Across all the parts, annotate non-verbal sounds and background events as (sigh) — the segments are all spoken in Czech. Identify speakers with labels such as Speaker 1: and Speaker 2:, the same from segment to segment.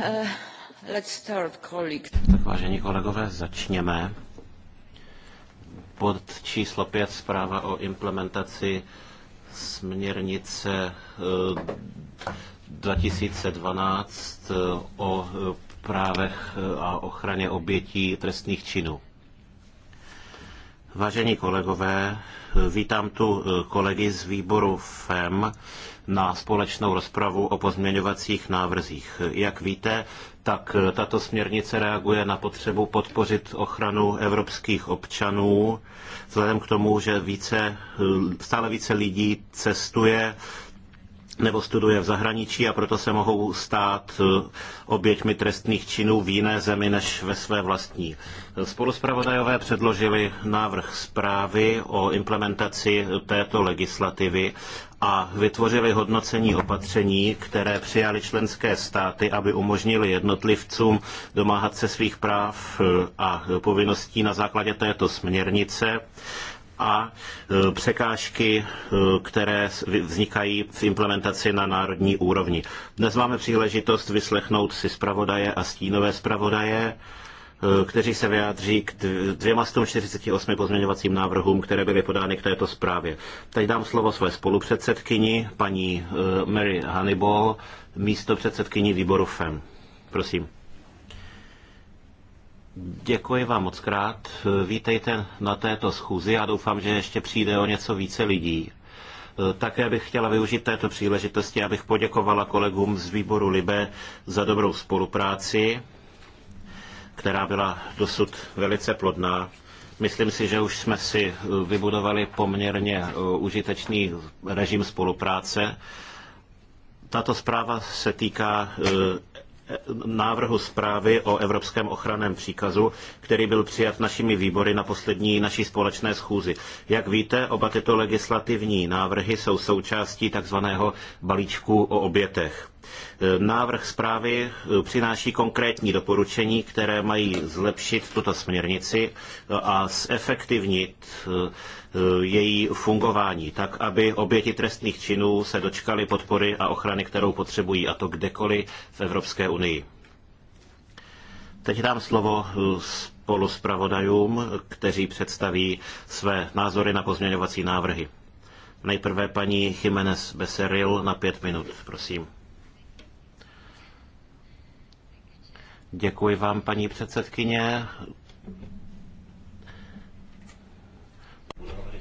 Speaker 1: Eh, let's start,
Speaker 2: Tak vážení kolegové, začněme. Bod číslo 5, zpráva o implementaci směrnice 2012 eh, eh, o právech a ochraně obětí trestných činů. Vážení kolegové, vítám tu eh, kolegy z výboru FEM na společnou rozpravu o pozměňovacích návrzích. Jak víte, tak eh, tato směrnice reaguje na potřebu podpořit ochranu evropských občanů, vzhledem k tomu, že více, eh, stále více lidí cestuje nebo studuje v zahraničí a proto se mohou stát eh, oběťmi trestných činů v jiné zemi než ve své vlastní. Spoluspravodajové předložili návrh zprávy o implementaci této legislativy a vytvořili hodnocení opatření, které přijali členské státy, aby umožnili jednotlivcům domáhat se svých práv eh, a povinností na základě této směrnice a e, překážky, e, které vznikají v implementaci na národní úrovni. Dnes máme příležitost vyslechnout si zpravodaje a stínové zpravodaje, e, kteří se vyjádří k dvěma 148 pozměňovacím návrhům, které byly podány k této zprávě. Teď dám slovo své spolupředsedkyni, paní Mary Hannibal, místo předsedkyni výboru FEM. Prosím. Děkuji vám moc krát. Vítejte na této schůzi. Já doufám, že ještě přijde o něco více lidí. Také bych chtěla využít této příležitosti, abych poděkovala kolegům z výboru Libe za dobrou spolupráci, která byla dosud velice plodná. Myslím si, že už jsme si vybudovali poměrně eh, užitečný režim spolupráce. Tato zpráva se týká eh, návrhu zprávy o Evropském ochranném příkazu, který byl přijat našimi výbory na poslední naší společné schůzi. Jak víte, oba tyto legislativní návrhy jsou součástí takzvaného balíčku o obětech. E, návrh zprávy e, přináší konkrétní doporučení, které mají zlepšit tuto směrnici e, a zefektivnit její fungování, tak aby oběti trestných činů se dočkali podpory a ochrany, kterou potřebují, a to kdekoliv v Evropské unii. Teď dám slovo spoluzpravodajům, kteří představí své názory na pozměňovací návrhy. Nejprve paní Jiménez Beseril na pět minut, prosím. Děkuji vám, paní předsedkyně.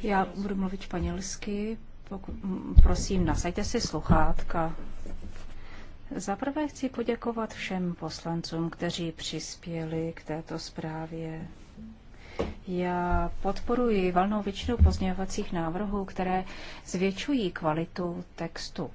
Speaker 1: Já budu mluvit španělsky. prosím, nasaďte si sluchátka. Zaprvé chci poděkovat všem poslancům, kteří přispěli k této zprávě. Já podporuji valnou většinu pozměňovacích návrhů, které zvětšují kvalitu textu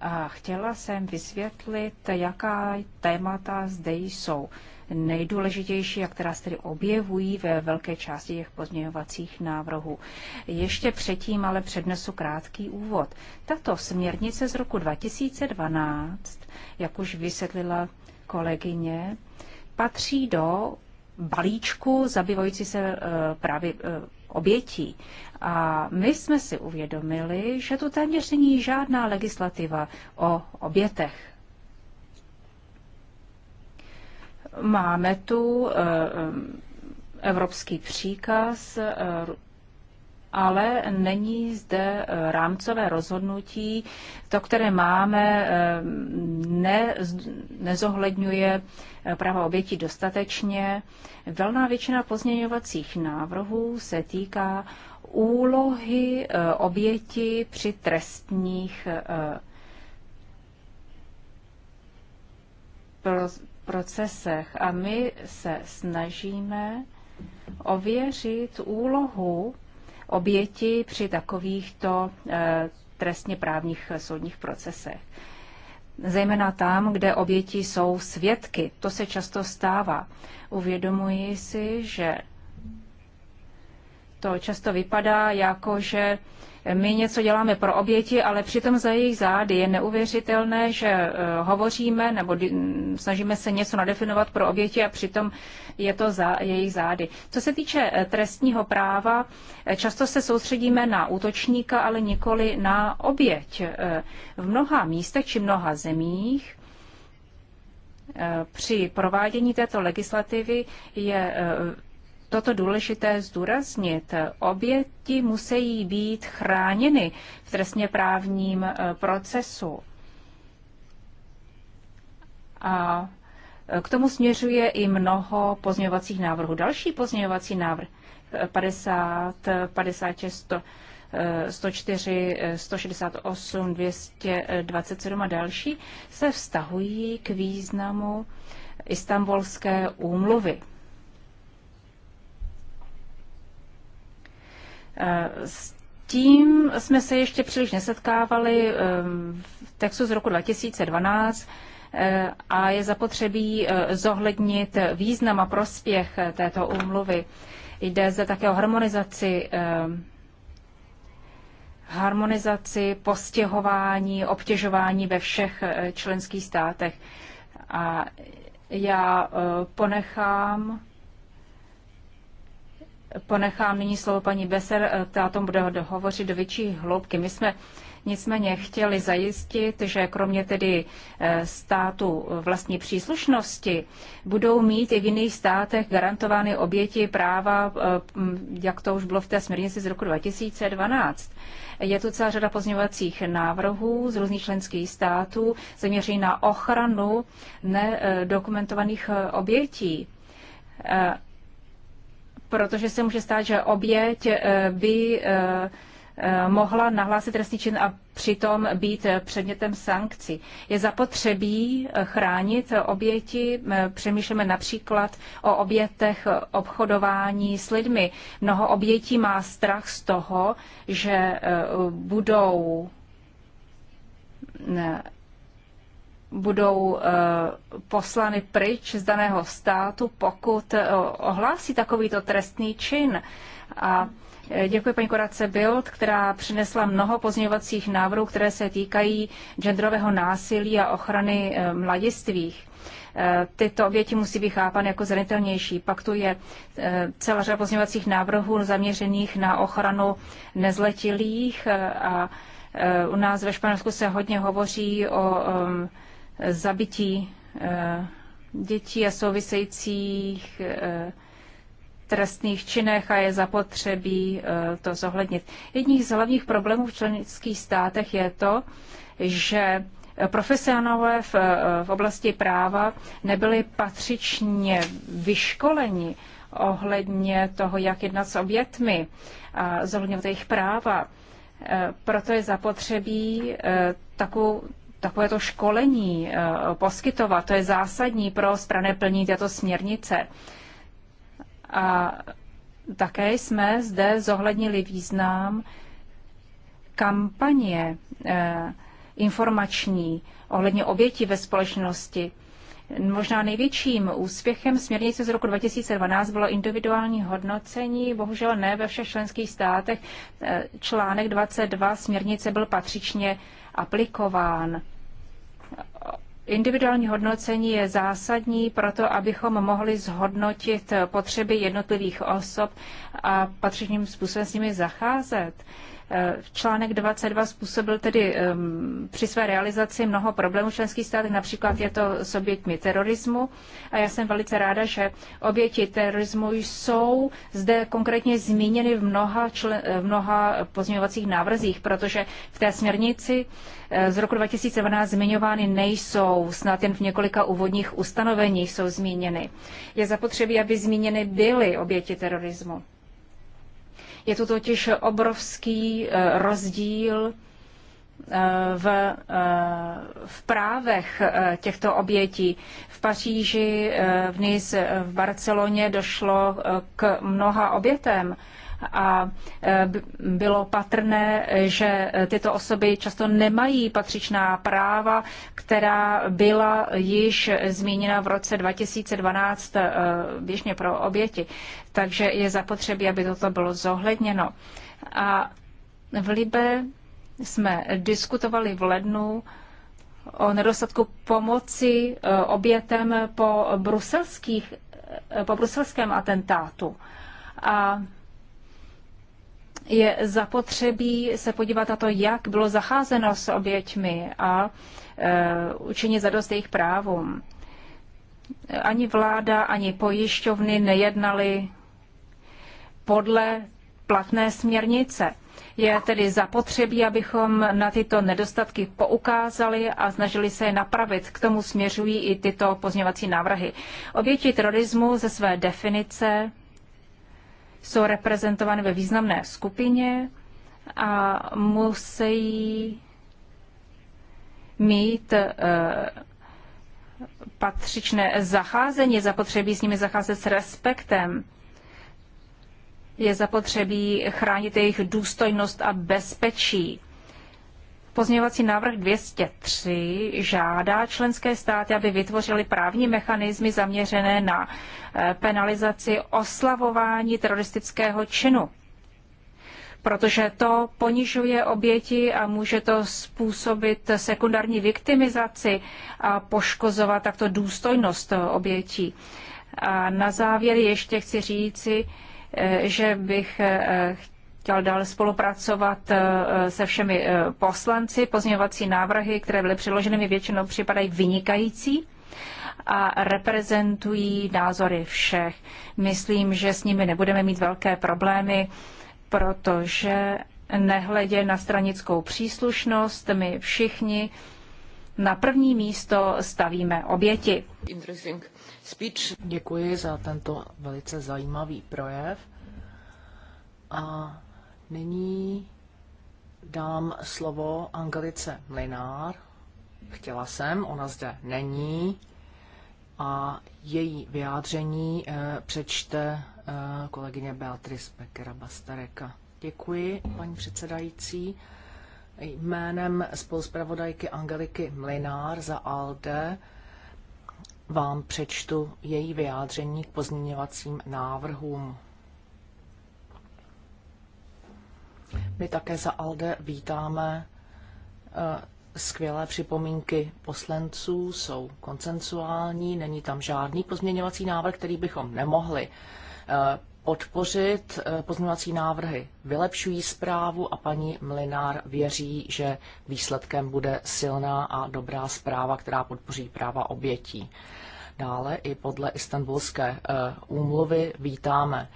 Speaker 1: a chtěla jsem vysvětlit, jaká témata zde jsou nejdůležitější a která se tedy objevují ve velké části těch pozměňovacích návrhů. Ještě předtím ale přednesu krátký úvod. Tato směrnice z roku 2012, jak už vysvětlila kolegyně, patří do balíčku zabývající se e, právě e, obětí. A my jsme si uvědomili, že tu téměř není žádná legislativa o obětech. Máme tu eh, eh, evropský příkaz eh, ale není zde eh, rámcové rozhodnutí. To, které máme, eh, ne, nezohledňuje eh, práva obětí dostatečně. Velná většina pozměňovacích návrhů se týká úlohy oběti při trestních procesech. A my se snažíme ověřit úlohu oběti při takovýchto eh, trestně právních soudních procesech. Zejména tam, kde oběti jsou svědky. To se často stává. Uvědomuji si, že to často vypadá jako, že my něco děláme pro oběti, ale přitom za jejich zády je neuvěřitelné, že eh, hovoříme nebo snažíme se něco nadefinovat pro oběti a přitom je to za jejich zády. Co se týče eh, trestního práva, eh, často se soustředíme na útočníka, ale nikoli na oběť. V mnoha místech či mnoha zemích při provádění této legislativy je toto důležité zdůraznit. Oběti musí být chráněny v trestně právním e, procesu. A e, k tomu směřuje i mnoho pozměňovacích návrhů. Další pozměňovací návrh 50, 56, 100, 104, 168, 227 a další se vztahují k významu Istanbulské úmluvy. Eh, s tím jsme se ještě příliš nesetkávali ehm, v textu z roku 2012 eh, a je zapotřebí eh, zohlednit význam a prospěch této úmluvy. Jde zde také o harmonizaci ehm, harmonizaci, postěhování, obtěžování ve všech členských státech. A já ponechám ponechám nyní slovo paní Beser, eh, o tom bude hovořit do větší hloubky. My jsme nicméně chtěli zajistit, že kromě tedy eh, státu vlastní příslušnosti budou mít i v jiných státech garantovány oběti práva, eh, jak to už bylo v té směrnici z roku 2012. Je tu celá řada pozměňovacích návrhů z různých členských států zaměřených na ochranu nedokumentovaných obětí protože se může stát, že oběť eh, by eh, eh, mohla nahlásit trestný čin a přitom být předmětem sankcí. Je zapotřebí chránit oběti. Přemýšlíme například o obětech obchodování s lidmi. Mnoho obětí má strach z toho, že budou budou eh, poslany pryč z daného státu, pokud eh, ohlásí takovýto trestný čin. A eh, Děkuji paní Koradce Bild, která přinesla mnoho pozměňovacích návrhů, které se týkají genderového násilí a ochrany mladistvých. Tyto oběti musí být chápány jako zranitelnější. Pak tu je celá řada pozměňovacích návrhů zaměřených na ochranu nezletilých a u nás ve Španělsku se hodně hovoří o zabití eh, dětí a souvisejících eh, trestných činech a je zapotřebí eh, to zohlednit. Jedním z hlavních problémů v členských státech je to, že profesionálové v, v oblasti práva nebyli patřičně vyškoleni ohledně toho, jak jednat s obětmi a zohledňovat jejich práva. Proto je zapotřebí takovou, takovéto školení eh, poskytovat, to je zásadní pro strany plní této směrnice. A také jsme zde zohlednili význam kampaně eh, informační ohledně oběti ve společnosti. Možná největším úspěchem směrnice z roku 2012 bylo individuální hodnocení, bohužel ne ve všech členských státech. Eh, článek 22 směrnice byl patřičně aplikován. Individuální hodnocení je zásadní proto, abychom mohli zhodnotit potřeby jednotlivých osob a patřičným způsobem s nimi zacházet. Eh, článek 22 způsobil tedy při své realizaci mnoho problémů v členských státech, například je to s oběťmi terorismu a já jsem velice ráda, že oběti terorismu jsou zde konkrétně zmíněny v mnoha, člen, eh, v mnoha pozměňovacích návrzích, protože v té směrnici eh, z roku 2017 zmiňovány nejsou, snad jen v několika úvodních ustanoveních jsou zmíněny. Je zapotřebí, aby zmíněny byly oběti terorismu. Je tu totiž obrovský eh, rozdíl eh, v, eh, v právech těchto obětí. V Paříži, v Nice, v Barceloně došlo k mnoha obětem a e, bylo patrné, že tyto osoby často nemají patřičná práva, která byla již zmíněna v roce 2012 e, běžně pro oběti. Takže je zapotřebí, aby toto bylo zohledněno. A v Libe jsme diskutovali v lednu o nedostatku pomoci e, obětem po, bruselských, po bruselském atentátu. A je zapotřebí se podívat na to, jak bylo zacházeno s oběťmi a e, učinit zadost jejich právům. Ani vláda, ani pojišťovny nejednali podle platné směrnice. Je tedy zapotřebí, abychom na tyto nedostatky poukázali a snažili se je napravit. K tomu směřují i tyto pozněvací návrhy. Oběti terorismu ze své definice jsou reprezentovány ve významné skupině a musí mít eh, patřičné zacházení, zapotřebí s nimi zacházet s respektem. Je zapotřebí chránit jejich důstojnost a bezpečí. Pozměňovací návrh 203 žádá členské státy, aby vytvořili právní mechanismy zaměřené na eh, penalizaci oslavování teroristického činu, protože to ponižuje oběti a může to způsobit sekundární viktimizaci a poškozovat takto důstojnost obětí. A na závěr ještě chci říci, eh, že bych chtěla eh, chtěl dál spolupracovat eh, eh, se všemi eh, poslanci. Pozměňovací návrhy, které byly přiloženy, mi většinou připadají vynikající a reprezentují názory všech. Myslím, že s nimi nebudeme mít velké problémy, protože nehledě na stranickou příslušnost, my všichni na první místo stavíme oběti.
Speaker 3: Děkuji za tento velice zajímavý projev. A Nyní dám slovo Angelice Mlinár. Chtěla jsem, ona zde není a její vyjádření eh, přečte eh, kolegyně Beatrice Pekera Bastareka. Děkuji, paní předsedající. Jménem spoluzpravodajky Angeliky Mlinár za ALDE vám přečtu její vyjádření k pozměňovacím návrhům. My také za ALDE vítáme eh, skvělé připomínky poslanců, jsou koncensuální, není tam žádný pozměňovací návrh, který bychom nemohli eh, podpořit. Eh, pozměňovací návrhy vylepšují zprávu a paní Mlinár věří, že výsledkem bude silná a dobrá zpráva, která podpoří práva obětí. Dále i podle Istanbulské eh, úmluvy vítáme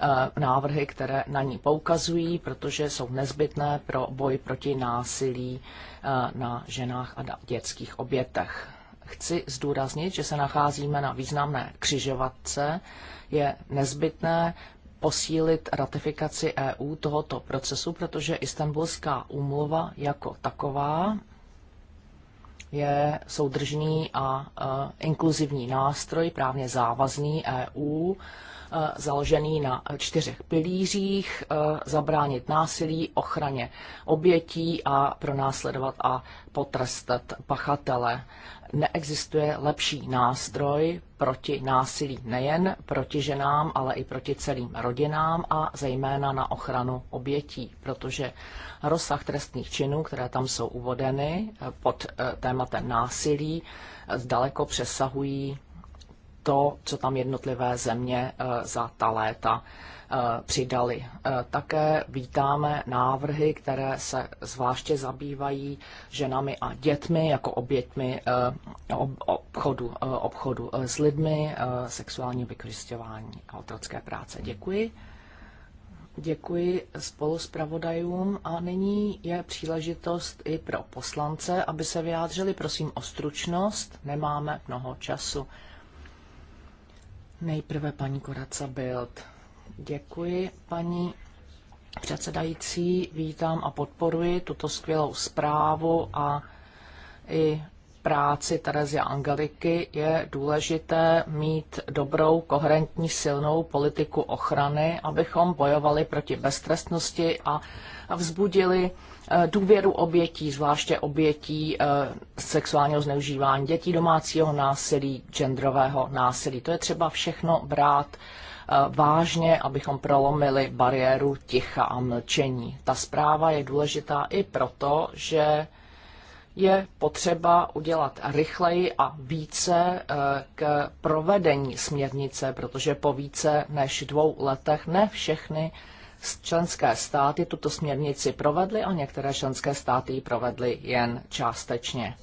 Speaker 3: eh, návrhy, které na ní poukazují, protože jsou nezbytné pro boj proti násilí eh, na ženách a na dětských obětech. Chci zdůraznit, že se nacházíme na významné křižovatce. Je nezbytné posílit ratifikaci EU tohoto procesu, protože Istanbulská úmluva jako taková je soudržný a e, inkluzivní nástroj, právně závazný EU, e, založený na čtyřech pilířích, e, zabránit násilí, ochraně obětí a pronásledovat a potrestat pachatele neexistuje lepší nástroj proti násilí nejen proti ženám, ale i proti celým rodinám a zejména na ochranu obětí, protože rozsah trestných činů, které tam jsou uvodeny pod eh, tématem násilí, eh, zdaleko přesahují to, co tam jednotlivé země eh, za ta léta eh, přidali. Eh, také vítáme návrhy, které se zvláště zabývají ženami a dětmi jako oběťmi obchodu, obchodu s lidmi, sexuální vykořišťování a otrocké práce. Děkuji. Děkuji spoluspravodajům a nyní je příležitost i pro poslance, aby se vyjádřili. Prosím o stručnost, nemáme mnoho času. Nejprve paní Koraca Bild. Děkuji, paní předsedající. Vítám a podporuji tuto skvělou zprávu a i práci Terezy Angeliky je důležité mít dobrou, koherentní, silnou politiku ochrany, abychom bojovali proti beztrestnosti a vzbudili Eh, důvěru obětí, zvláště obětí eh, sexuálního zneužívání dětí, domácího násilí, genderového násilí. To je třeba všechno brát eh, vážně, abychom prolomili bariéru ticha a mlčení. Ta zpráva je důležitá i proto, že je potřeba udělat rychleji a více k provedení směrnice, protože po více než dvou letech ne všechny Členské státy tuto směrnici provedly a některé členské státy ji provedly jen částečně.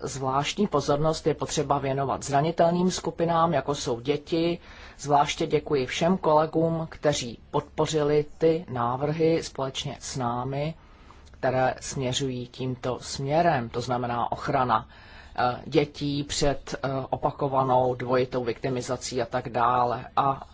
Speaker 3: Zvláštní pozornost je potřeba věnovat zranitelným skupinám, jako jsou děti. Zvláště děkuji všem kolegům, kteří podpořili ty návrhy společně s námi, které směřují tímto směrem, to znamená ochrana eh, dětí před eh, opakovanou dvojitou viktimizací a tak dále. A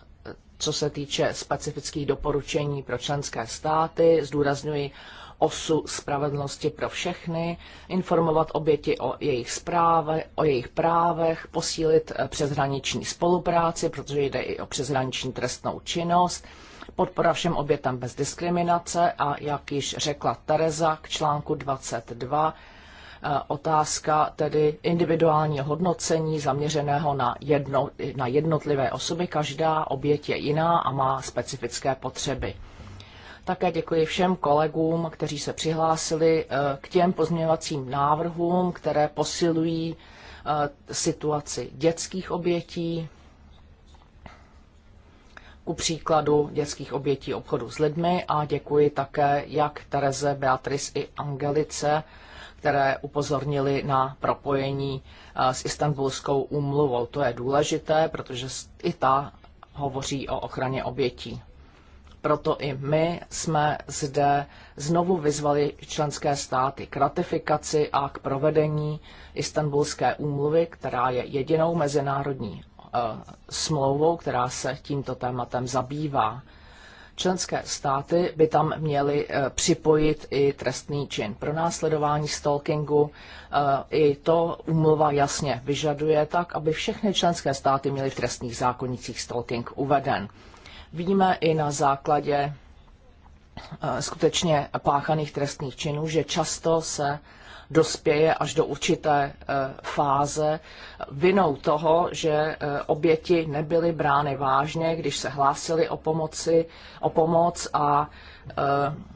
Speaker 3: co se týče specifických doporučení pro členské státy. Zdůrazňuji osu spravedlnosti pro všechny, informovat oběti o jejich, správě, o jejich právech, posílit eh, přeshraniční spolupráci, protože jde i o přeshraniční trestnou činnost, podpora všem obětem bez diskriminace a, jak již řekla Tereza, k článku 22 Eh, otázka tedy individuálního hodnocení zaměřeného na, jedno, na jednotlivé osoby. Každá oběť je jiná a má specifické potřeby. Také děkuji všem kolegům, kteří se přihlásili eh, k těm pozměňovacím návrhům, které posilují eh, situaci dětských obětí, ku příkladu dětských obětí obchodu s lidmi a děkuji také jak Tereze, Beatrice i Angelice které upozornili na propojení eh, s Istanbulskou úmluvou. To je důležité, protože i ta hovoří o ochraně obětí. Proto i my jsme zde znovu vyzvali členské státy k ratifikaci a k provedení Istanbulské úmluvy, která je jedinou mezinárodní eh, smlouvou, která se tímto tématem zabývá. Členské státy by tam měly eh, připojit i trestný čin pro následování stalkingu. Eh, I to umluva jasně vyžaduje tak, aby všechny členské státy měly v trestních zákonnicích stalking uveden. Víme i na základě eh, skutečně páchaných trestných činů, že často se dospěje až do určité eh, fáze vinou toho, že eh, oběti nebyly brány vážně, když se hlásili o, pomoci, o pomoc a eh,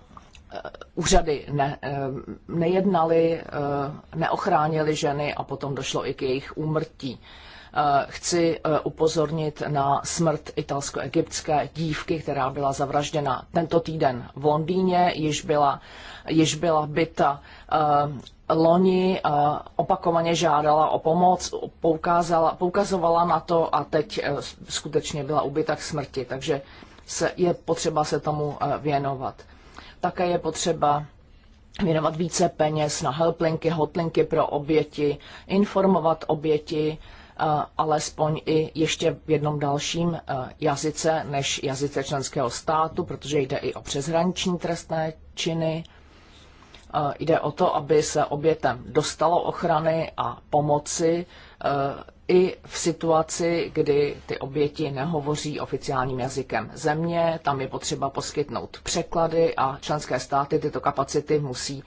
Speaker 3: úřady ne, nejednali, neochránili ženy a potom došlo i k jejich úmrtí. Chci upozornit na smrt italsko-egyptské dívky, která byla zavražděna tento týden v Londýně, již byla, již byla byta Eh, loni eh, opakovaně žádala o pomoc, poukazovala na to a teď eh, skutečně byla ubyta k smrti, takže se, je potřeba se tomu věnovat. Také je potřeba věnovat více peněz na helplinky, hotlinky pro oběti, informovat oběti, alespoň i ještě v jednom dalším jazyce než jazyce členského státu, protože jde i o přeshraniční trestné činy Eh, jde o to, aby se obětem dostalo ochrany a pomoci eh, i v situaci, kdy ty oběti nehovoří oficiálním jazykem země. Tam je potřeba poskytnout překlady a členské státy tyto kapacity musí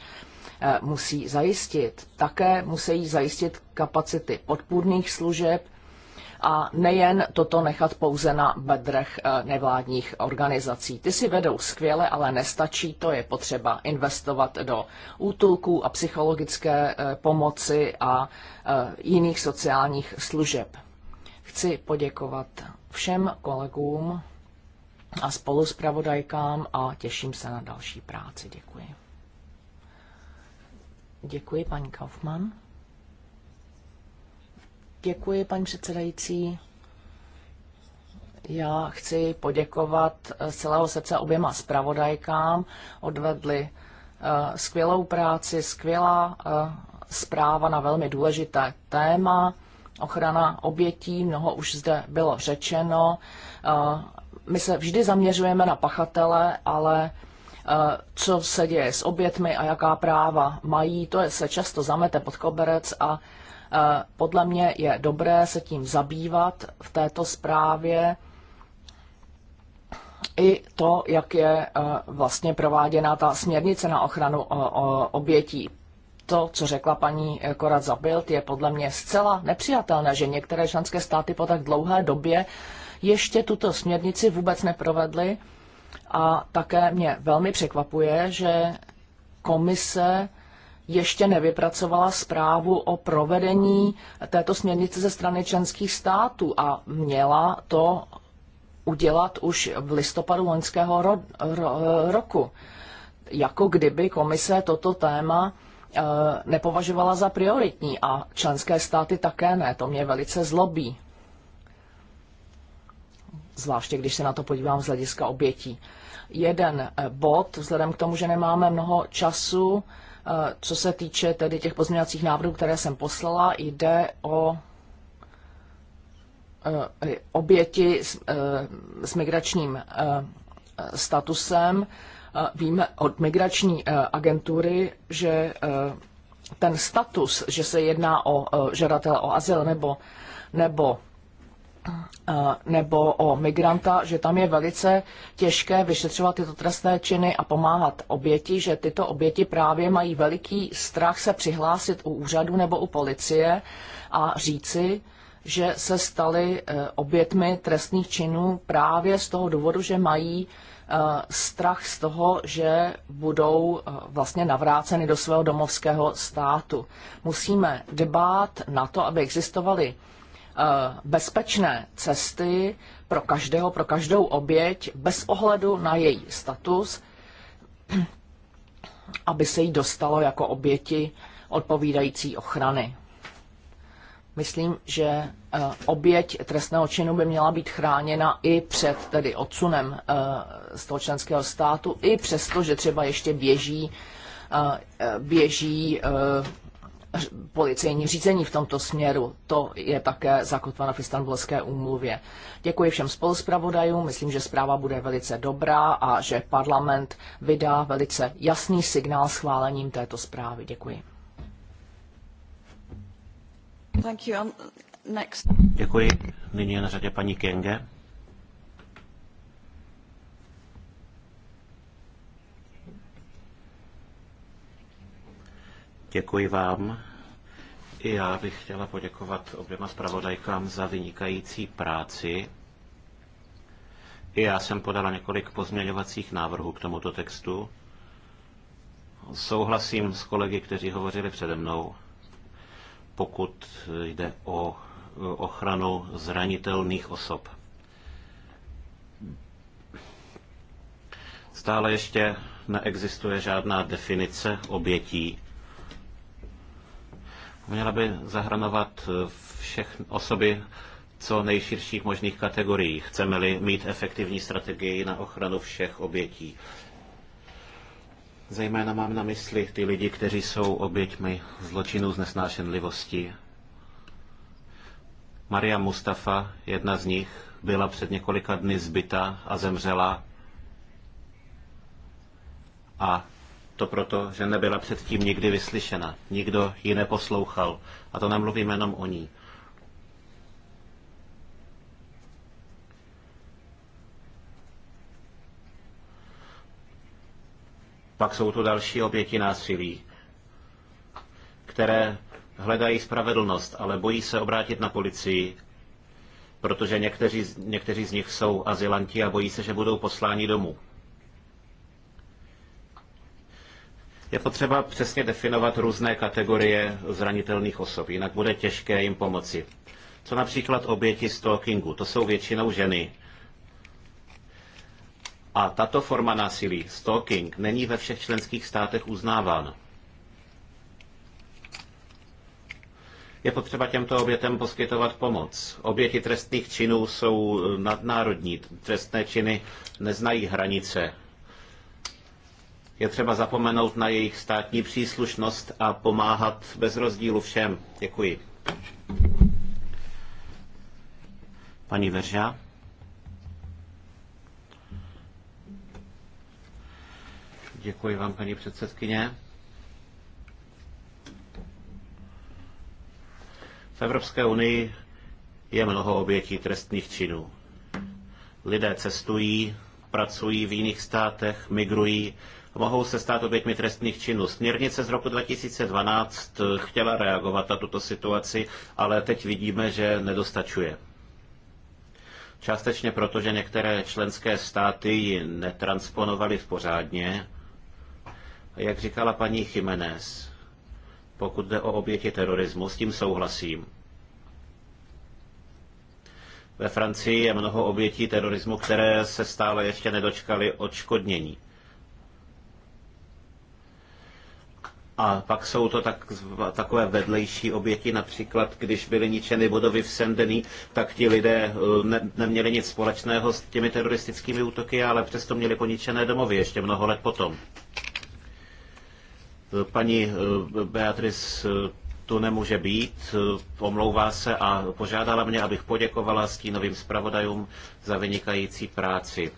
Speaker 3: eh, musí zajistit. Také musí zajistit kapacity podpůrných služeb, a nejen toto nechat pouze na bedrech eh, nevládních organizací. Ty si vedou skvěle, ale nestačí, to je potřeba investovat do útulků a psychologické eh, pomoci a eh, jiných sociálních služeb. Chci poděkovat všem kolegům a spoluspravodajkám a těším se na další práci. Děkuji. Děkuji, paní Kaufmann. Děkuji, paní předsedající. Já chci poděkovat eh, z celého srdce oběma zpravodajkám. Odvedli eh, skvělou práci, skvělá eh, zpráva na velmi důležité téma. Ochrana obětí, mnoho už zde bylo řečeno. My se vždy zaměřujeme na pachatele, ale co se děje s obětmi a jaká práva mají, to se často zamete pod koberec a Eh, podle mě je dobré se tím zabývat v této zprávě i to, jak je eh, vlastně prováděna ta směrnice na ochranu obětí. To, co řekla paní eh, Korat Zabilt, je podle mě zcela nepřijatelné, že některé členské státy po tak dlouhé době ještě tuto směrnici vůbec neprovedly. A také mě velmi překvapuje, že komise ještě nevypracovala zprávu o provedení této směrnice ze strany členských států a měla to udělat už v listopadu loňského ro- ro- roku. Jako kdyby komise toto téma e, nepovažovala za prioritní a členské státy také ne. To mě velice zlobí. Zvláště když se na to podívám z hlediska obětí. Jeden eh, bod, vzhledem k tomu, že nemáme mnoho času, Eh, co se týče tedy těch pozměňovacích návrhů, které jsem poslala, jde o eh, oběti s, eh, s migračním statusem. Víme od migrační agentury, že ten status, že se jedná o žadatel o azyl nebo, nebo nebo o migranta, že tam je velice těžké vyšetřovat tyto trestné činy a pomáhat oběti, že tyto oběti právě mají veliký strach se přihlásit u úřadu nebo u policie a říci, že se staly e, obětmi trestných činů právě z toho důvodu, že mají e, strach z toho, že budou e, vlastně navráceny do svého domovského státu. Musíme dbát na to, aby existovaly Eh, bezpečné cesty pro každého, pro každou oběť, bez ohledu na její status, (clears throat) aby se jí dostalo jako oběti odpovídající ochrany. Myslím, že eh, oběť trestného činu by měla být chráněna i před tedy odsunem eh, z toho členského státu, i přesto, že třeba ještě běží, běží policejní řízení v tomto směru. To je také zakotveno v Istanbulské úmluvě. Děkuji všem spoluzpravodajům, myslím, že zpráva bude velice dobrá a že parlament vydá velice jasný signál schválením této zprávy. Děkuji.
Speaker 2: Thank you. Um, next. Děkuji. Nyní je na řadě paní Kenge. Děkuji vám. I já bych chtěla poděkovat oběma zpravodajkám za vynikající práci. I já jsem podala několik pozměňovacích návrhů k tomuto textu. Souhlasím s kolegy, kteří hovořili přede mnou, pokud jde o ochranu zranitelných osob. Stále ještě neexistuje žádná definice obětí měla by zahrnovat eh, všechny osoby co nejširších možných kategorií. Chceme-li mít efektivní strategii na ochranu všech obětí. Zejména mám na mysli ty lidi, kteří jsou oběťmi zločinů z nesnášenlivosti. Maria Mustafa, jedna z nich, byla před několika dny zbyta a zemřela. A to proto, že nebyla předtím nikdy vyslyšena. Nikdo ji neposlouchal. A to nemluvím jenom o ní. Pak jsou tu další oběti násilí, které hledají spravedlnost, ale bojí se obrátit na policii, protože někteří, někteří z nich jsou azylanti a bojí se, že budou posláni domů. Je potřeba přesně definovat různé kategorie zranitelných osob, jinak bude těžké jim pomoci. Co například oběti stalkingu, to jsou většinou ženy. A tato forma násilí, stalking, není ve všech členských státech uznáván. Je potřeba těmto obětem poskytovat pomoc. Oběti trestných činů jsou nadnárodní. Trestné činy neznají hranice. Je třeba zapomenout na jejich státní příslušnost a pomáhat bez rozdílu všem. Děkuji. Paní Verža. Děkuji vám, paní předsedkyně. V Evropské unii je mnoho obětí trestných činů. Lidé cestují, pracují v jiných státech, migrují mohou se stát oběťmi trestných činů. Směrnice z roku 2012 chtěla reagovat na tuto situaci, ale teď vidíme, že nedostačuje. Částečně proto, že některé členské státy ji netransponovaly v pořádně. Jak říkala paní Jiménez, pokud jde o oběti terorismu, s tím souhlasím. Ve Francii je mnoho obětí terorismu, které se stále ještě nedočkaly odškodnění. A pak jsou to tak, takové vedlejší oběti, například když byly ničeny budovy v Sendeny, tak ti lidé eh, ne, neměli nic společného s těmi teroristickými útoky, ale přesto měli poničené domovy ještě mnoho let potom. Eh, paní eh, Beatrice tu nemůže být, omlouvá se a požádala mě, abych poděkovala stínovým zpravodajům za vynikající práci.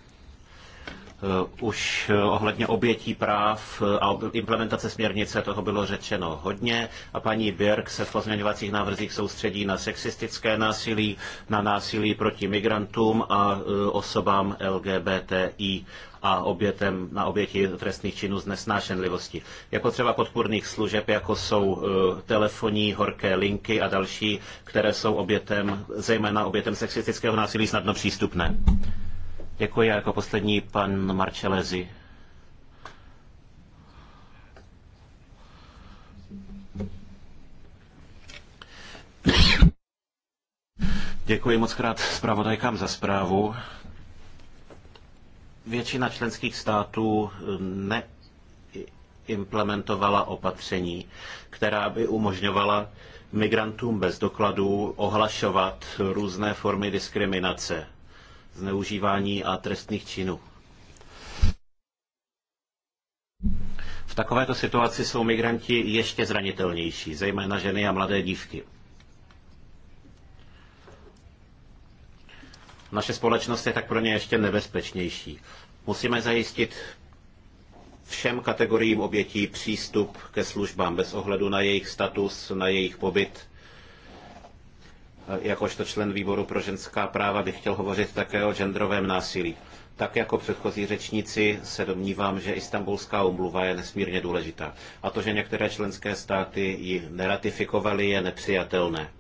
Speaker 2: Eh, už eh, ohledně obětí práv eh, a implementace směrnice toho bylo řečeno hodně a paní Birk se v pozměňovacích návrzích soustředí na sexistické násilí, na násilí proti migrantům a osobám LGBTI a obětem, na oběti trestných činů z nesnášenlivosti. Jako třeba podpůrných služeb, jako jsou telefonní horké linky a další, které jsou obětem, zejména obětem sexistického násilí snadno přístupné. Děkuji jako poslední pan Marcelezi. Děkuji moc krát zpravodajkám za zprávu. Většina členských států eh, neimplementovala opatření, která by umožňovala migrantům bez dokladů ohlašovat různé formy diskriminace zneužívání a trestných činů. V takovéto situaci jsou migranti ještě zranitelnější, zejména ženy a mladé dívky. Naše společnost je tak pro ně ještě nebezpečnější. Musíme zajistit všem kategoriím obětí přístup ke službám bez ohledu na jejich status, na jejich pobyt E, jakožto člen výboru pro ženská práva bych chtěl hovořit také o genderovém násilí. Tak jako předchozí řečníci se domnívám, že Istanbulská umluva je nesmírně důležitá. A to, že některé členské státy ji neratifikovaly, je nepřijatelné.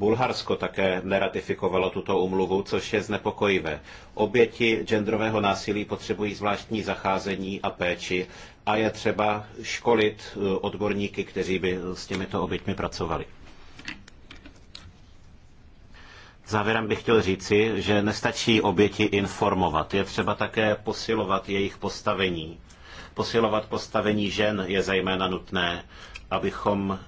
Speaker 2: Bulharsko také neratifikovalo tuto umluvu, což je znepokojivé. Oběti genderového násilí potřebují zvláštní zacházení a péči a je třeba školit eh, odborníky, kteří by s těmito oběťmi pracovali. Závěrem bych chtěl říci, že nestačí oběti informovat. Je třeba také posilovat jejich postavení. Posilovat postavení žen je zejména nutné, abychom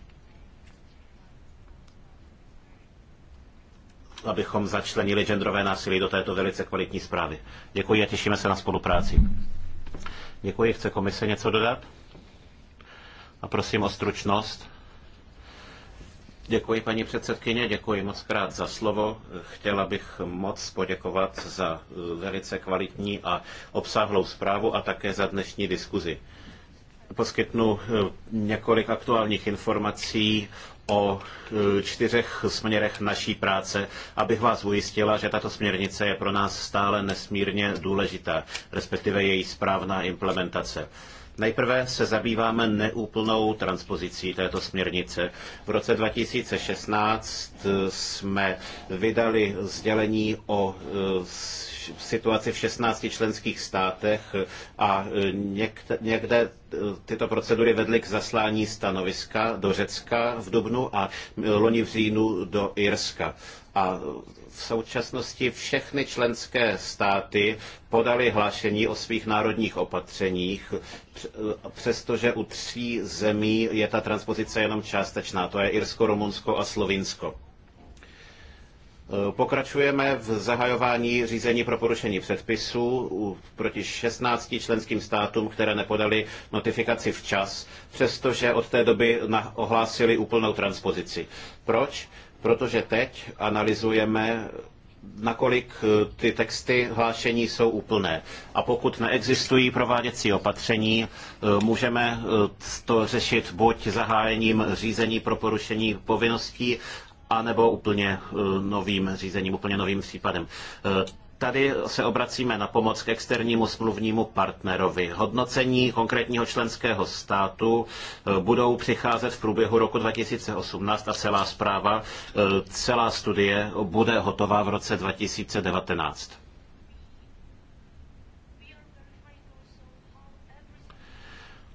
Speaker 2: abychom začlenili genderové násilí do této velice kvalitní zprávy. Děkuji a těšíme se na spolupráci. Děkuji. Chce komise něco dodat? A prosím o stručnost. Děkuji, paní předsedkyně, děkuji moc krát za slovo. Chtěla bych moc poděkovat za velice kvalitní a obsáhlou zprávu a také za dnešní diskuzi. Poskytnu několik aktuálních informací o e, čtyřech směrech naší práce, abych vás ujistila, že tato směrnice je pro nás stále nesmírně důležitá, respektive její správná implementace. Nejprve se zabýváme neúplnou transpozicí této směrnice. V roce 2016 e, jsme vydali sdělení o e, situaci v 16 členských státech a e, někde e, tyto procedury vedly k zaslání stanoviska do Řecka v Dubnu a e, loni v říjnu do Irska. A v současnosti všechny členské státy podali hlášení o svých národních opatřeních, přestože u tří zemí je ta transpozice jenom částečná, to je Irsko, Rumunsko a Slovinsko. Eh, pokračujeme v zahajování řízení pro porušení předpisů proti 16 členským státům, které nepodali notifikaci včas, přestože od té doby ohlásili úplnou transpozici. Proč? Protože teď analyzujeme nakolik eh, ty texty hlášení jsou úplné. A pokud neexistují prováděcí opatření, eh, můžeme to řešit buď zahájením řízení pro porušení povinností, anebo úplně eh, novým řízením, úplně novým případem. Eh, tady se obracíme na pomoc k externímu smluvnímu partnerovi. Hodnocení konkrétního členského státu eh, budou přicházet v průběhu roku 2018 a celá zpráva, celá studie bude hotová v roce 2019.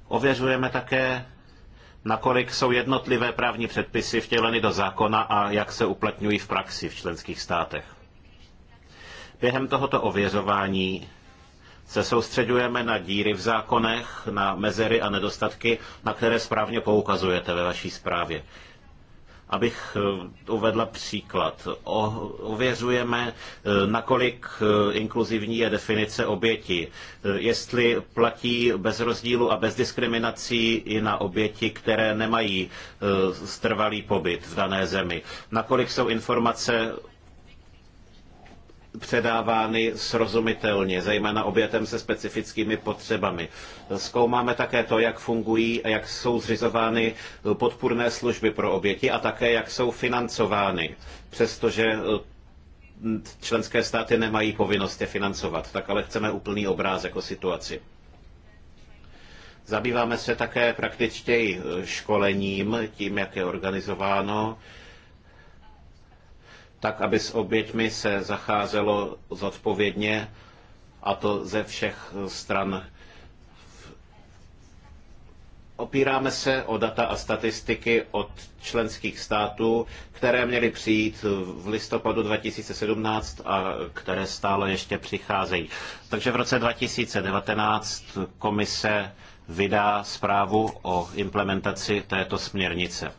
Speaker 2: Ověřujeme také, nakolik jsou jednotlivé právní předpisy vtěleny do zákona a jak se uplatňují v praxi v členských státech. Během tohoto ověřování se soustředujeme na díry v zákonech, na mezery a nedostatky, na které správně poukazujete ve vaší zprávě. Abych eh, uvedla příklad. O, ověřujeme, eh, nakolik eh, inkluzivní je definice oběti. Jestli platí bez rozdílu a bez diskriminací i na oběti, které nemají strvalý pobyt v dané zemi. Nakolik jsou informace předávány srozumitelně, zejména obětem se specifickými potřebami. Zkoumáme také to, jak fungují a jak jsou zřizovány podpůrné služby pro oběti a také jak jsou financovány, přestože eh, členské státy nemají povinnost je financovat, tak ale chceme úplný obrázek o jako situaci. Zabýváme se také praktičtěji eh, školením, tím, jak je organizováno tak aby s oběťmi se zacházelo zodpovědně a to ze všech eh, stran. Opíráme se o data a statistiky od členských států, které měly přijít v listopadu 2017 a které stále ještě přicházejí. Takže v roce 2019 komise vydá zprávu o implementaci této směrnice.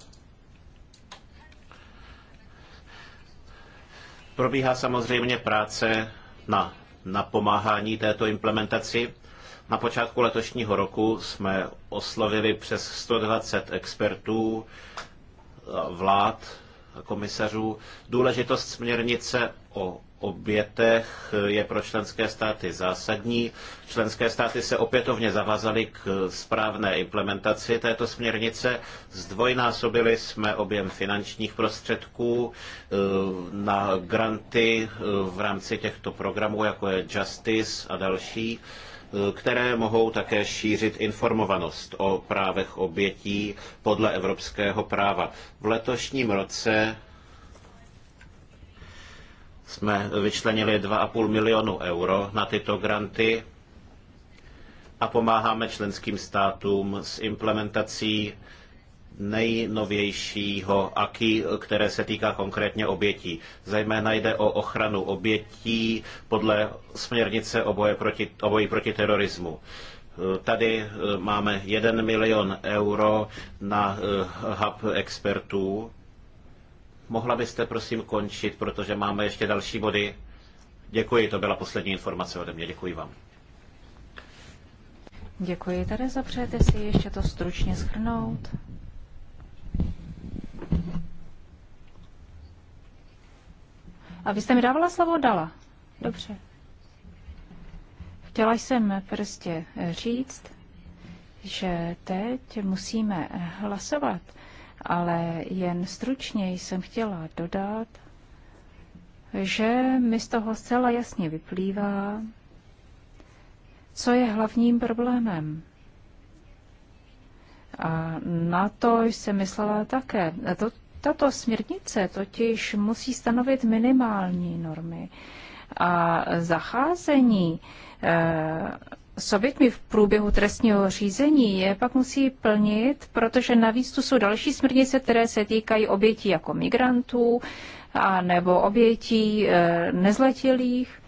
Speaker 2: Probíhá samozřejmě práce na napomáhání této implementaci. Na počátku letošního roku jsme oslovili přes 120 expertů, vlád, komisařů důležitost směrnice o obětech je pro členské státy zásadní. Členské státy se opětovně zavazaly k správné implementaci této směrnice. Zdvojnásobili jsme objem finančních prostředků eh, na granty eh, v rámci těchto programů, jako je Justice a další eh, které mohou také šířit informovanost o právech obětí podle evropského práva. V letošním roce jsme vyčlenili 2,5 milionu euro na tyto granty a pomáháme členským státům s implementací nejnovějšího AKI, které se týká konkrétně obětí. Zajména jde o ochranu obětí podle směrnice o boji proti, o boji proti terorismu. Tady eh, máme 1 milion euro na eh, hub expertů Mohla byste prosím končit, protože máme ještě další body. Děkuji, to byla poslední informace ode mě. Děkuji vám.
Speaker 1: Děkuji, Tereza. Přejete si ještě to stručně schrnout? A vy jste mi dávala slovo? Dala. Dobře. Chtěla jsem prostě říct, že teď musíme hlasovat ale jen stručně jsem chtěla dodat, že mi z toho zcela jasně vyplývá, co je hlavním problémem. A na to jsem myslela také. To, tato směrnice totiž musí stanovit minimální normy a zacházení eh, sobětmi v průběhu trestního řízení je pak musí plnit, protože navíc tu jsou další směrnice, které se týkají obětí jako migrantů a nebo obětí e, nezletilých,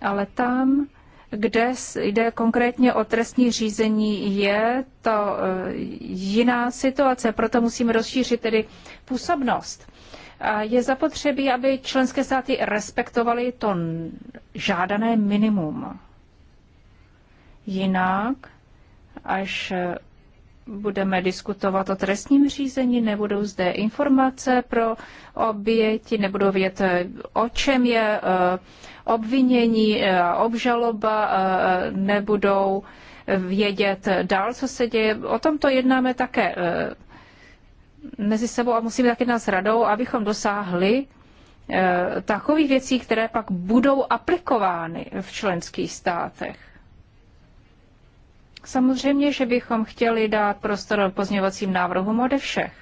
Speaker 1: ale tam, kde jde konkrétně o trestní řízení, je to e, jiná situace, proto musíme rozšířit tedy působnost. A je zapotřebí, aby členské státy respektovaly to žádané minimum. Jinak, až budeme diskutovat o trestním řízení, nebudou zde informace pro oběti, nebudou vědět, eh, o čem je eh, obvinění, eh, obžaloba, nebudou vědět dál, co se děje. O tomto jednáme také mezi sebou a musíme také nás radou, abychom dosáhli takových věcí, které pak budou aplikovány v členských státech. Samozřejmě, že bychom chtěli dát prostor pozměňovacím návrhům ode všech.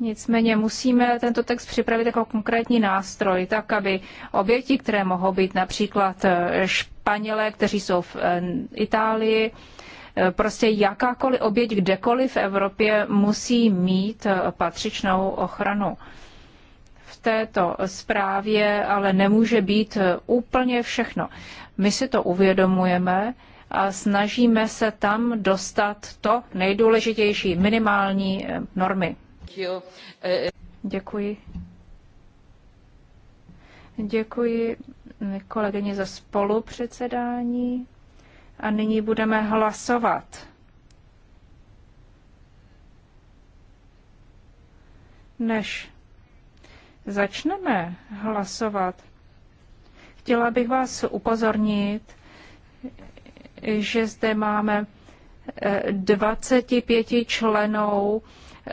Speaker 1: Nicméně musíme tento text připravit jako konkrétní nástroj, tak aby oběti, které mohou být například eh, Španělé, kteří jsou v eh, Itálii, eh, prostě jakákoliv oběť kdekoliv v Evropě musí mít patřičnou ochranu. V této zprávě ale nemůže být úplně všechno. My si to uvědomujeme a snažíme se tam dostat to nejdůležitější, minimální eh, normy. Děkuji. Děkuji mm, kolegyně za spolupředsedání a nyní budeme hlasovat. Než začneme hlasovat, Chtěla bych vás upozornit, že zde máme 25 eh, členů eh,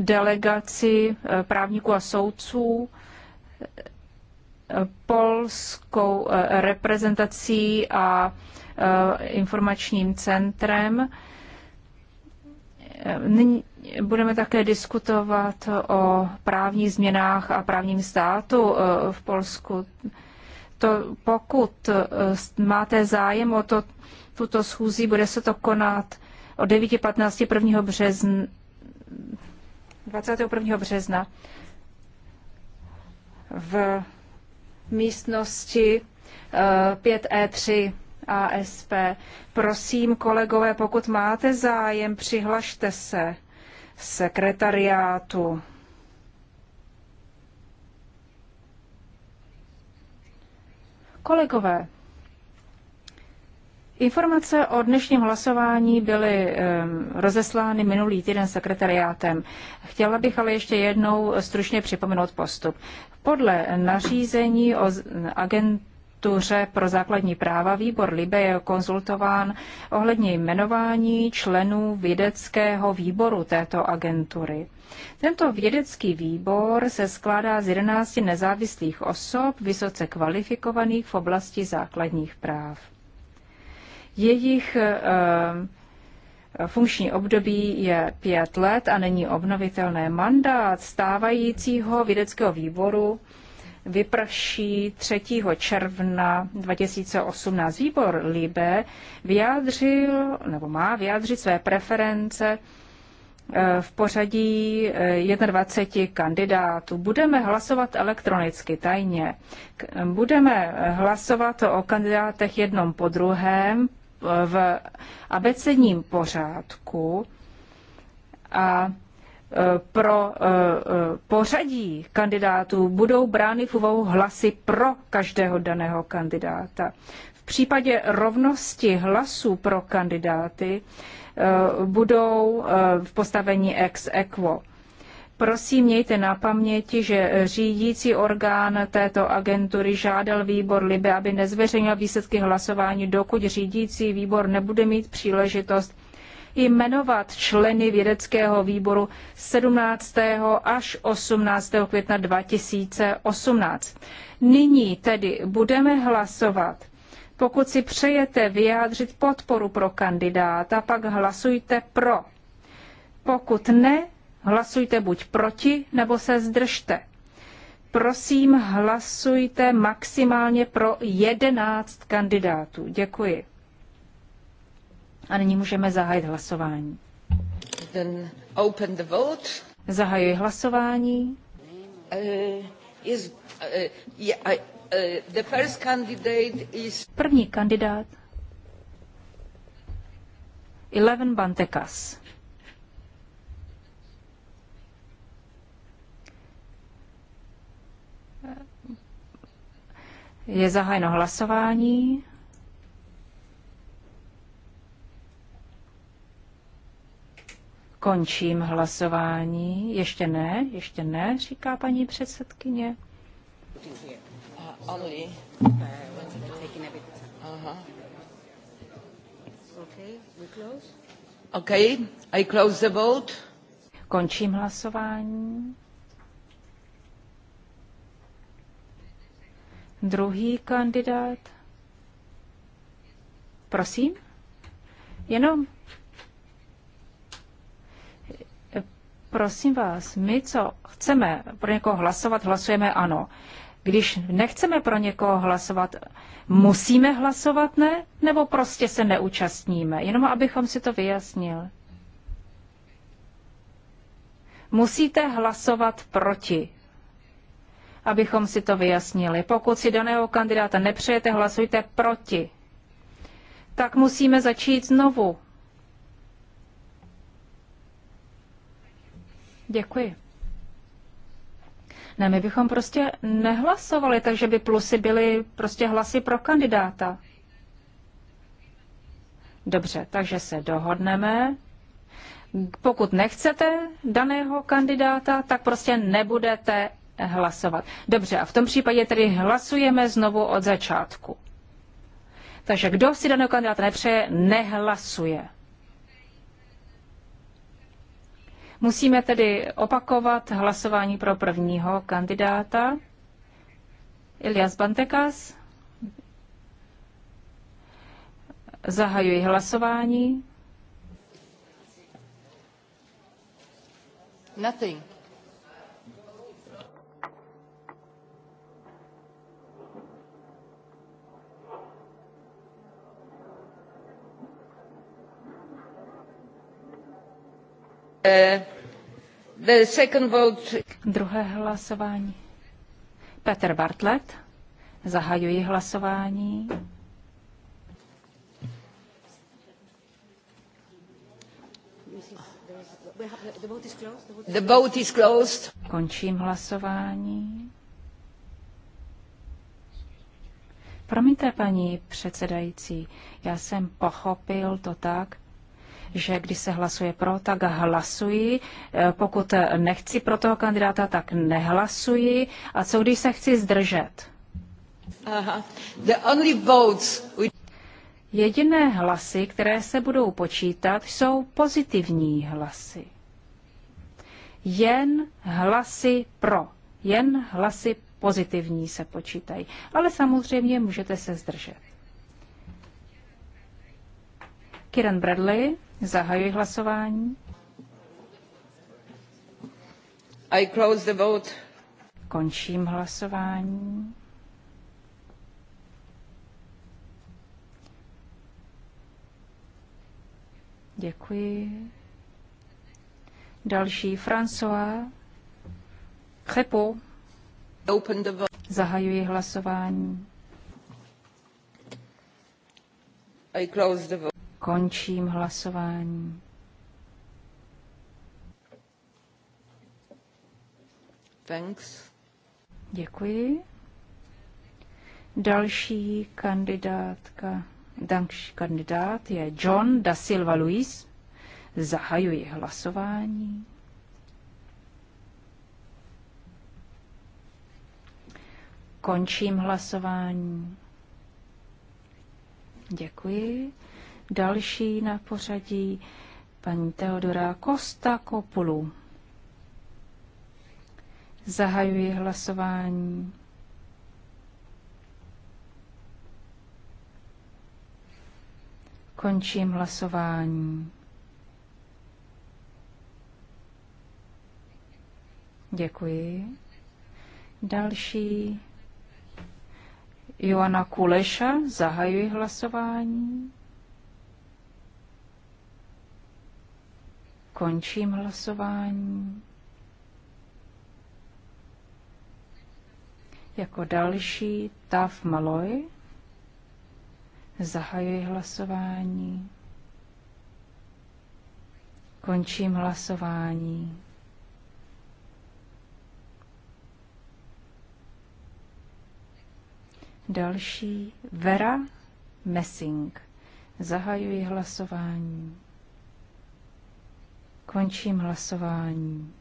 Speaker 1: delegaci eh, právníků a soudců, polskou reprezentací a informačním centrem. Budeme také diskutovat o právních změnách a právním státu eh, v Polsku. To, pokud eh, máte zájem o to, tuto schůzi, bude se to konat od 9.15. 1. března 21. března v místnosti 5E3 eh, e ASP. Prosím, kolegové, pokud máte zájem, přihlašte se sekretariátu. Kolegové, informace o dnešním hlasování byly rozeslány minulý týden sekretariátem. Chtěla bych ale ještě jednou stručně připomenout postup. Podle nařízení o agent struktuře pro základní práva. Výbor Libe je konzultován ohledně jmenování členů vědeckého výboru této agentury. Tento vědecký výbor se skládá z 11 nezávislých osob vysoce kvalifikovaných v oblasti základních práv. Jejich eh, Funkční období je pět let a není obnovitelné mandát stávajícího vědeckého výboru vyprší 3. června 2018. Výbor Libe vyjádřil, nebo má vyjádřit své preference eh, v pořadí 21 eh, kandidátů. Budeme hlasovat elektronicky, tajně. Budeme hlasovat o kandidátech jednom po druhém eh, v abecedním pořádku a Eh, pro eh, eh, pořadí kandidátů budou brány v úvahu hlasy pro každého daného kandidáta. V případě rovnosti hlasů pro kandidáty budou v postavení ex equo. Prosím, mějte na paměti, že řídící orgán této agentury žádal výbor Libe, aby nezveřejnil výsledky hlasování, dokud řídící výbor nebude mít příležitost jmenovat členy vědeckého výboru 17. až 18. května 2018. Nyní tedy budeme hlasovat. Pokud si přejete vyjádřit podporu pro kandidáta, pak hlasujte pro. Pokud ne, hlasujte buď proti, nebo se zdržte. Prosím, hlasujte maximálně pro 11 kandidátů. Děkuji. A nyní můžeme zahájit hlasování. Then open the vote. Zahajuji hlasování. Uh, is, uh, yeah, uh, the first candidate is... První kandidát. Eleven Bantekas. Je zahájeno hlasování. Končím hlasování. Ještě ne, ještě ne, říká paní předsedkyně. Uh, uh-huh. Okay, I close the vote. Končím hlasování. Druhý kandidát. Prosím? Jenom Prosím vás, my, co chceme pro někoho hlasovat, hlasujeme ano. Když nechceme pro někoho hlasovat, musíme hlasovat ne, nebo prostě se neúčastníme, jenom abychom si to vyjasnil. Musíte hlasovat proti, abychom si to vyjasnili. Pokud si daného kandidáta nepřejete, hlasujte proti. Tak musíme začít znovu. Děkuji. Ne, my bychom prostě nehlasovali, takže by plusy byly prostě hlasy pro kandidáta. Dobře, takže se dohodneme. Pokud nechcete daného kandidáta, tak prostě nebudete hlasovat. Dobře, a v tom případě tedy hlasujeme znovu od začátku. Takže kdo si daného kandidáta nepřeje, nehlasuje. Musíme tedy opakovat hlasování pro prvního kandidáta. Ilias Bantekas. Zahajuji hlasování. Nothing. Uh, the second vote. Druhé hlasování. Petr Bartlett. Zahajuji hlasování. The vote is closed. Končím hlasování. Promiňte, paní předsedající, já jsem pochopil to tak, že když se hlasuje pro, tak hlasuji. E, pokud nechci pro toho kandidáta, tak nehlasuji. A co když se chci zdržet?
Speaker 2: Aha. The only votes we...
Speaker 1: Jediné hlasy, které se budou počítat, jsou pozitivní hlasy. Jen hlasy pro, jen hlasy pozitivní se počítají. Ale samozřejmě můžete se zdržet. Kiran Bradley, zahajuji hlasování.
Speaker 2: I close the vote.
Speaker 1: Končím hlasování. Děkuji. Další François Chepu. Open the vote. Zahajuji hlasování. I close the vote. Končím hlasování. Thanks. Děkuji. Další kandidátka, další kandidát je John da Silva Luis. Zahajuji hlasování. Končím hlasování. Děkuji. Další na pořadí paní Teodora Kosta Kopulu. Zahajuji hlasování. Končím hlasování. Děkuji. Další. Joana Kuleša, zahajuji hlasování. Končím hlasování. Jako další Tav Maloj. Zahajuji hlasování. Končím hlasování. Další Vera Messing. Zahajuji hlasování. Končím hlasování.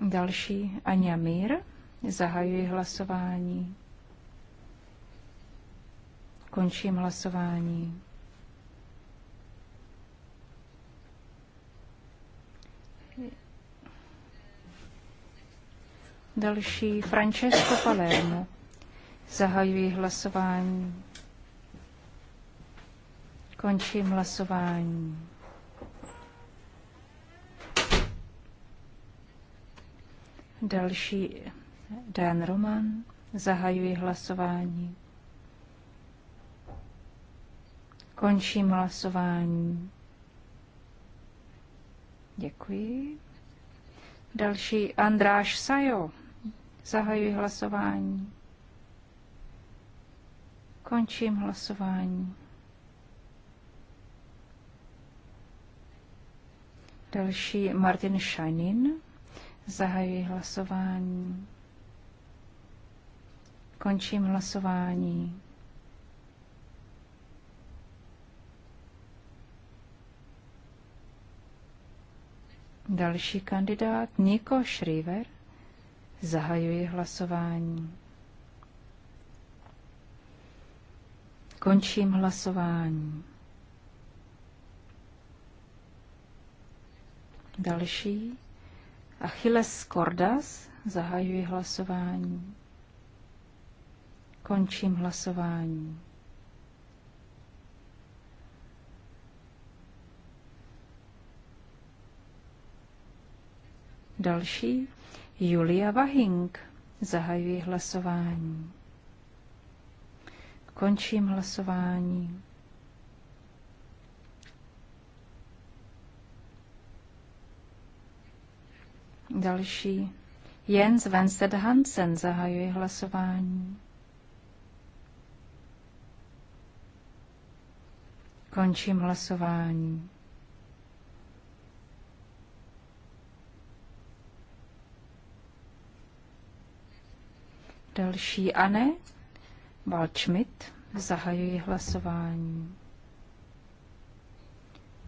Speaker 1: Další Anja Mír. Zahajuji hlasování. Končím hlasování. Další Francesco Palermo. Zahajuji hlasování. Končím hlasování. Další Dan Roman. Zahajuji hlasování. Končím hlasování. Děkuji. Další Andráš Sajo. Zahajuji hlasování. Končím hlasování. Další Martin Šajnin. Zahajuji hlasování. Končím hlasování. Další kandidát Niko Šriver. Zahajuji hlasování. Končím hlasování. Další. Achilles Cordas. Zahajuji hlasování. Končím hlasování. Další. Julia Vahing. Zahajuji hlasování. Končím hlasování. Další. Jens Vensted Hansen zahajuje hlasování. Končím hlasování. Další Ane Waldschmidt. Zahajuji hlasování.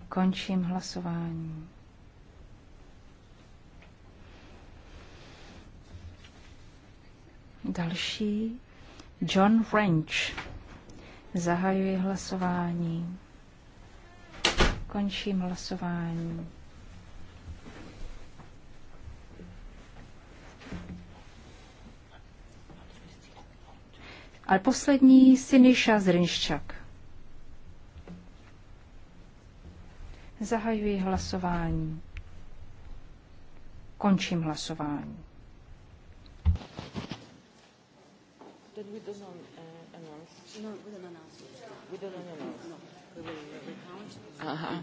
Speaker 1: Končím hlasování. Další. John French. Zahajuji hlasování. Končím hlasování. Ale poslední Siniša Zrinščak. Zahajuji hlasování. Končím hlasování.
Speaker 3: Uh, no, no, Aha.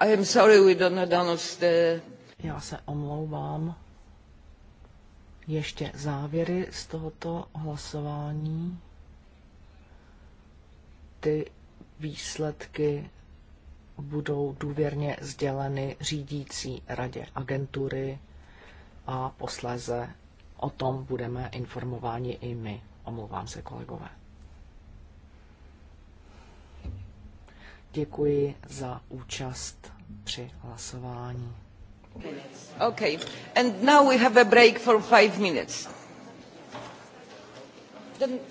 Speaker 3: I am sorry, we don't announce the... Já se omlouvám ještě závěry z tohoto hlasování. Ty výsledky budou důvěrně sděleny řídící radě agentury a posléze o tom budeme informováni i my. Omlouvám se, kolegové. Děkuji za účast při hlasování. Okay. And now we have a break for five minutes. The